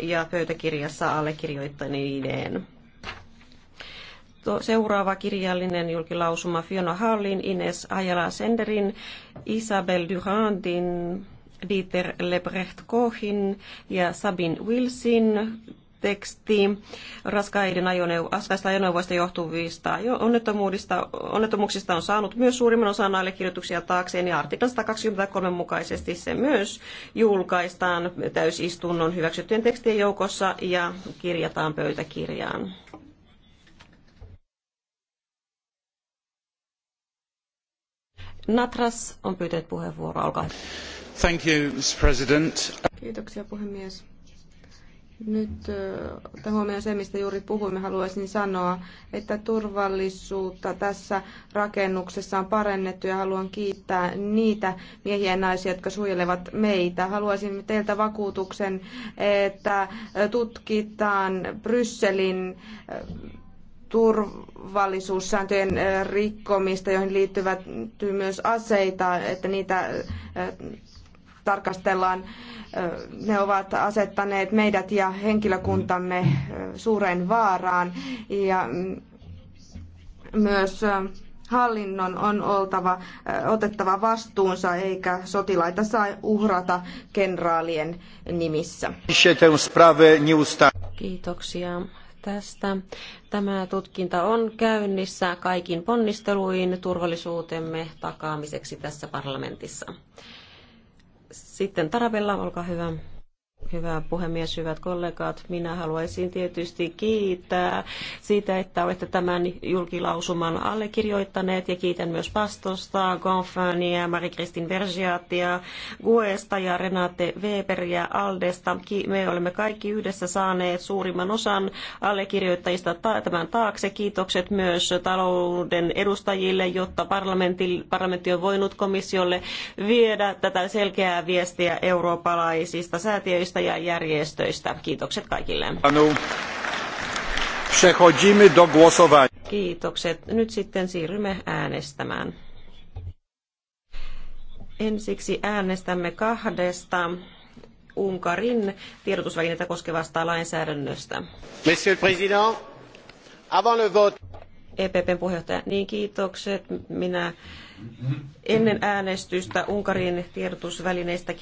ja pöytäkirjassa allekirjoittaneineen. Seuraava kirjallinen julkilausuma Fiona Hallin, Ines Ajala Senderin, Isabel Durandin, Dieter Lebrecht Kohin ja Sabin Wilsin tekstiin raskaiden ajoneuvo, raskaista ajoneuvoista johtuvista onnettomuuksista on saanut myös suurimman osan allekirjoituksia taakseen ja artiklan 123 mukaisesti se myös julkaistaan täysistunnon hyväksyttyjen tekstien joukossa ja kirjataan pöytäkirjaan. Natras on pyytänyt puheenvuoroa. Olkaa hyvä. Thank you, Mr. President. Kiitoksia puhemies nyt tämä on se, mistä juuri puhuimme, haluaisin sanoa, että turvallisuutta tässä rakennuksessa on parannettu ja haluan kiittää niitä miehiä ja naisia, jotka suojelevat meitä. Haluaisin teiltä vakuutuksen, että tutkitaan Brysselin turvallisuussääntöjen rikkomista, joihin liittyvät myös aseita, että niitä tarkastellaan ne ovat asettaneet meidät ja henkilökuntamme suureen vaaraan ja mm, myös hallinnon on oltava, otettava vastuunsa eikä sotilaita saa uhrata kenraalien nimissä. Kiitoksia tästä. Tämä tutkinta on käynnissä kaikin ponnisteluin turvallisuutemme takaamiseksi tässä parlamentissa. Sitten Tarabella, olkaa hyvä. Hyvä puhemies, hyvät kollegat. Minä haluaisin tietysti kiittää siitä, että olette tämän julkilausuman allekirjoittaneet ja kiitän myös Pastosta, Gonfania, Marie-Kristin Vergiatia, Guesta ja Renate Weberia Aldesta. Me olemme kaikki yhdessä saaneet suurimman osan allekirjoittajista tämän taakse. Kiitokset myös talouden edustajille, jotta parlamentti on voinut komissiolle viedä tätä selkeää viestiä eurooppalaisista säätiöistä ja järjestöistä. Kiitokset kaikille. Kiitokset. Nyt sitten siirrymme äänestämään. Ensiksi äänestämme kahdesta Unkarin tiedotusvälineitä koskevasta lainsäädännöstä. Monsieur le Président, avant le vote... EPPn puheenjohtaja, niin kiitokset. Minä ennen äänestystä Unkarin tiedotusvälineistä